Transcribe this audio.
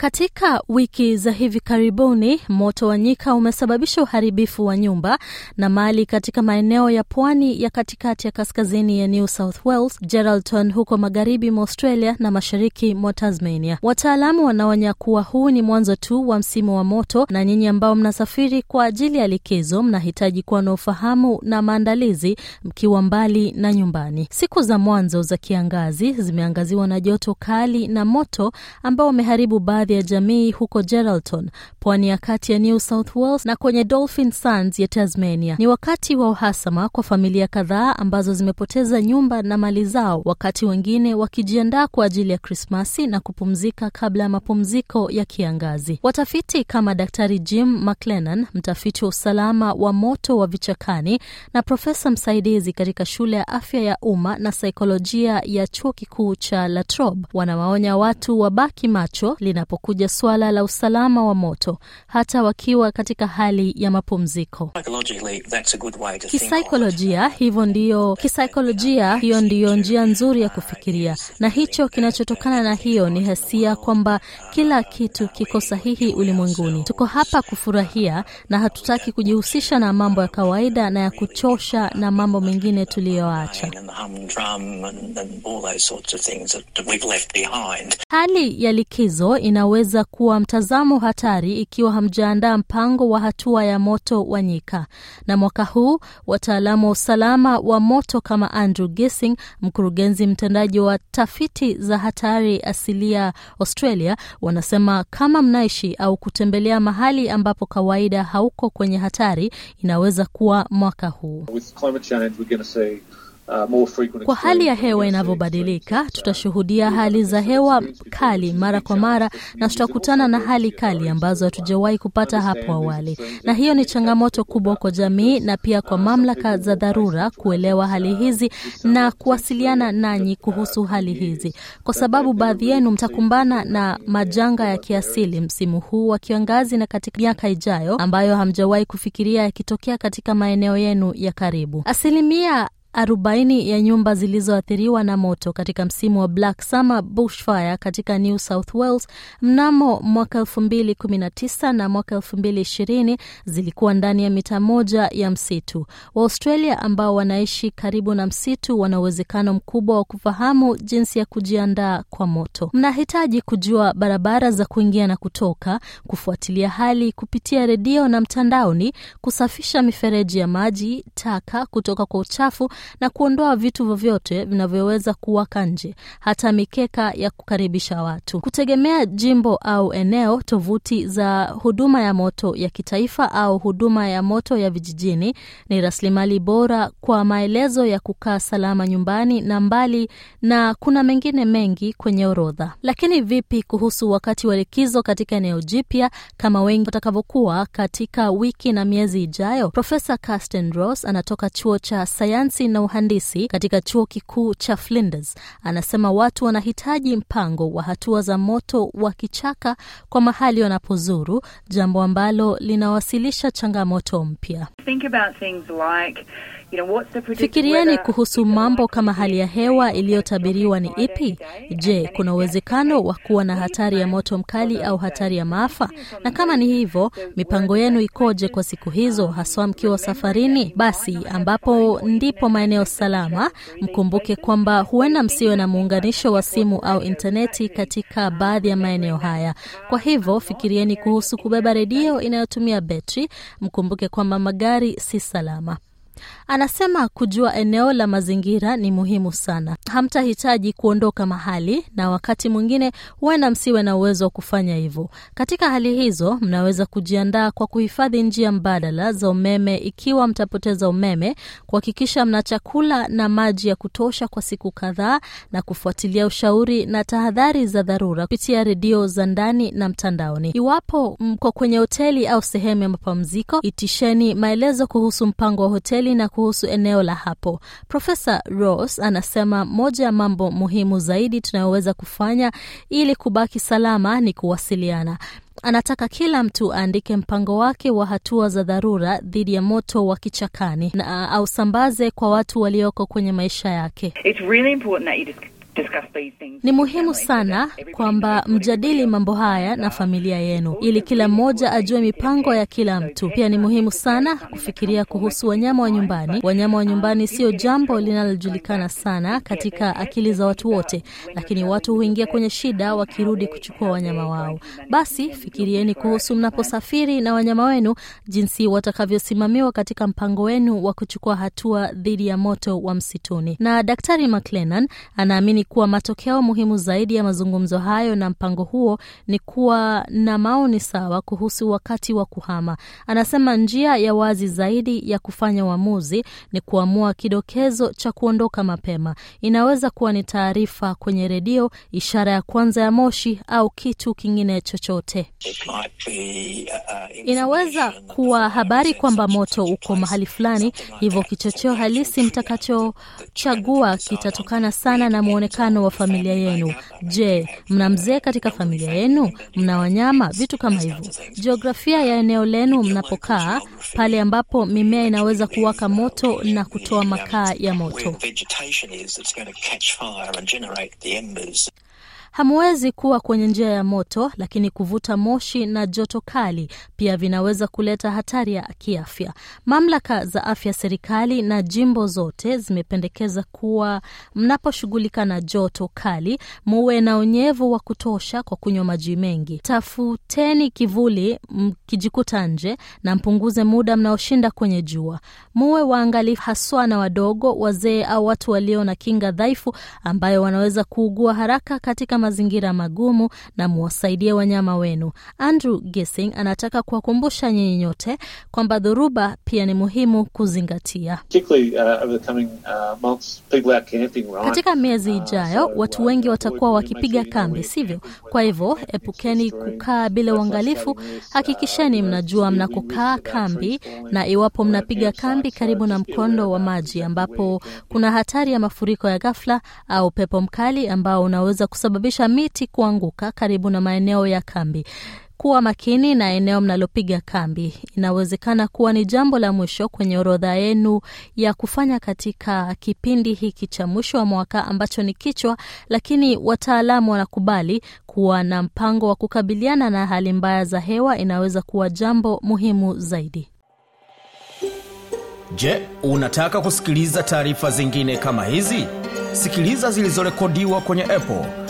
katika wiki za hivi karibuni, moto wa nyika umesababisha uharibifu wa nyumba na mali katika maeneo ya pwani ya katikati ya kaskazini ya New South Wales, Geraldton huko magharibi mwa Australia na mashariki mwa Tasmania. Wataalamu wanaonya kuwa huu ni mwanzo tu wa msimu wa moto, na nyinyi ambao mnasafiri kwa ajili ya likizo mnahitaji kuwa na ufahamu na maandalizi mkiwa mbali na nyumbani. Siku za mwanzo za kiangazi zimeangaziwa na joto kali na moto ambao wameharibu baadhi hifadhi ya jamii huko Geraldton, pwani ya kati ya New South Wales na kwenye Dolphin Sands ya Tasmania. Ni wakati wa uhasama kwa familia kadhaa ambazo zimepoteza nyumba na mali zao, wakati wengine wakijiandaa kwa ajili ya Krismasi na kupumzika kabla ya mapumziko ya kiangazi. Watafiti kama Daktari Jim McLennan, mtafiti wa usalama wa moto wa vichakani na profesa msaidizi katika shule ya afya ya umma na saikolojia ya chuo kikuu cha La Trobe, wanawaonya watu wabaki macho linapo linapokuja swala la usalama wa moto hata wakiwa katika hali ya mapumziko. Kisaikolojia, hivyo ndiyo kisaikolojia, hiyo ndiyo njia nzuri ya kufikiria, na hicho kinachotokana na hiyo ni hasia kwamba kila kitu kiko sahihi ulimwenguni. Tuko hapa kufurahia na hatutaki kujihusisha na mambo ya kawaida na ya kuchosha na mambo mengine tuliyoacha. Hali ya likizo ina unaweza kuwa mtazamo hatari ikiwa hamjaandaa mpango wa hatua ya moto wa nyika. Na mwaka huu wataalamu wa usalama wa moto kama Andrew Gissing, mkurugenzi mtendaji wa tafiti za hatari asilia Australia, wanasema kama mnaishi au kutembelea mahali ambapo kawaida hauko kwenye hatari, inaweza kuwa mwaka huu. With Uh, kwa hali ya hewa inavyobadilika, tutashuhudia hali za hewa kali mara kwa mara na tutakutana na hali kali ambazo hatujawahi kupata hapo awali, na hiyo ni changamoto kubwa kwa jamii na pia kwa mamlaka za dharura kuelewa hali hizi na kuwasiliana nanyi kuhusu hali hizi, kwa sababu baadhi yenu mtakumbana na majanga ya kiasili msimu huu wa kiangazi na katika miaka ijayo ambayo hamjawahi kufikiria yakitokea katika maeneo yenu ya karibu. Asilimia arobaini ya nyumba zilizoathiriwa na moto katika msimu wa Black Summer bushfire katika New South Wales mnamo mwaka kumi na mwaka ishirini zilikuwa ndani ya mita moja ya msitu. Waaustralia ambao wanaishi karibu na msitu wana uwezekano mkubwa wa kufahamu jinsi ya kujiandaa kwa moto. Mnahitaji kujua barabara za kuingia na kutoka, kufuatilia hali kupitia redio na mtandaoni, kusafisha mifereji ya maji taka kutoka kwa uchafu na kuondoa vitu vyovyote vinavyoweza kuwaka nje, hata mikeka ya kukaribisha watu. Kutegemea jimbo au eneo, tovuti za huduma ya moto ya kitaifa au huduma ya moto ya vijijini ni rasilimali bora kwa maelezo ya kukaa salama nyumbani na mbali, na kuna mengine mengi kwenye orodha. Lakini vipi kuhusu wakati wa likizo katika eneo jipya, kama wengi watakavyokuwa katika wiki na miezi ijayo? Profesa Carsten Ross anatoka chuo cha sayansi na uhandisi katika chuo kikuu cha Flinders anasema watu wanahitaji mpango wa hatua za moto wa kichaka kwa mahali wanapozuru, jambo ambalo linawasilisha changamoto mpya. Fikirieni kuhusu mambo kama hali ya hewa iliyotabiriwa ni ipi? Je, kuna uwezekano wa kuwa na hatari ya moto mkali au hatari ya maafa? Na kama ni hivyo, mipango yenu ikoje kwa siku hizo, um, haswa mkiwa safarini? Basi ambapo ndipo maeneo salama, mkumbuke kwamba huenda msiwe na muunganisho wa simu au intaneti katika baadhi ya maeneo haya. Kwa hivyo, fikirieni kuhusu kubeba redio inayotumia betri. Mkumbuke kwamba magari سي السلامة Anasema kujua eneo la mazingira ni muhimu sana. Hamtahitaji kuondoka mahali, na wakati mwingine huenda msiwe na uwezo wa kufanya hivyo. Katika hali hizo, mnaweza kujiandaa kwa kuhifadhi njia mbadala za umeme ikiwa mtapoteza umeme, kuhakikisha mna chakula na maji ya kutosha kwa siku kadhaa, na kufuatilia ushauri na tahadhari za dharura kupitia redio za ndani na mtandaoni. Iwapo mko kwenye hoteli au sehemu ya mapumziko, itisheni maelezo kuhusu mpango wa hoteli na kuhusu eneo la hapo. Profesa Ross anasema moja ya mambo muhimu zaidi tunayoweza kufanya ili kubaki salama ni kuwasiliana. Anataka kila mtu aandike mpango wake wa hatua za dharura dhidi ya moto wa kichakani na ausambaze kwa watu walioko kwenye maisha yake. It's really ni muhimu sana kwamba mjadili mambo haya na familia yenu ili kila mmoja ajue mipango ya kila mtu. Pia ni muhimu sana kufikiria kuhusu wanyama wa nyumbani. Wanyama wa nyumbani sio jambo linalojulikana sana katika akili za watu wote, lakini watu huingia kwenye shida wakirudi kuchukua wanyama wao. Basi fikirieni kuhusu mnaposafiri na wanyama wenu, jinsi watakavyosimamiwa katika mpango wenu wa kuchukua hatua dhidi ya moto wa msituni. Na Daktari McLennan anaamini kuwa matokeo muhimu zaidi ya mazungumzo hayo na mpango huo ni kuwa na maoni sawa kuhusu wakati wa kuhama. Anasema njia ya wazi zaidi ya kufanya uamuzi ni kuamua kidokezo cha kuondoka mapema. Inaweza kuwa ni taarifa kwenye redio, ishara ya kwanza ya moshi au kitu kingine chochote. Inaweza kuwa habari kwamba moto uko mahali fulani, hivyo kichocheo halisi mtakachochagua kitatokana sana na mwonekano mkutano wa familia yenu. Je, mna mzee katika familia yenu? Mna wanyama? Vitu kama hivyo. Jiografia ya eneo lenu mnapokaa, pale ambapo mimea inaweza kuwaka moto na kutoa makaa ya moto hamwezi kuwa kwenye njia ya moto, lakini kuvuta moshi na joto kali pia vinaweza kuleta hatari ya kiafya. Mamlaka za afya serikali na jimbo zote zimependekeza kuwa mnaposhughulika na joto kali, muwe na unyevu wa kutosha kwa kunywa maji mengi. Tafuteni kivuli mkijikuta nje na mpunguze muda mnaoshinda kwenye jua. Muwe waangalifu haswa na wadogo, wazee au watu walio na kinga dhaifu ambayo wanaweza kuugua haraka katika mazingira magumu na mwasaidie wanyama wenu. Andrew Gissing anataka kuwakumbusha nyinyi nyote kwamba dhoruba pia ni muhimu kuzingatia. Uh, uh, Katika miezi uh, ijayo, watu wengi watakuwa wakipiga kambi, sivyo? Kwa hivyo epukeni kukaa bila uangalifu. Hakikisheni mnajua mnakokaa kambi, na iwapo mnapiga kambi karibu na mkondo wa maji ambapo kuna hatari ya mafuriko ya ghafla au pepo mkali ambao unaweza kusababisha kusababisha miti kuanguka karibu na maeneo ya kambi. Kuwa makini na eneo mnalopiga kambi. Inawezekana kuwa ni jambo la mwisho kwenye orodha yenu ya kufanya katika kipindi hiki cha mwisho wa mwaka ambacho ni kichwa, lakini wataalamu wanakubali kuwa na mpango wa kukabiliana na hali mbaya za hewa inaweza kuwa jambo muhimu zaidi. Je, unataka kusikiliza taarifa zingine kama hizi? Sikiliza zilizorekodiwa kwenye Apple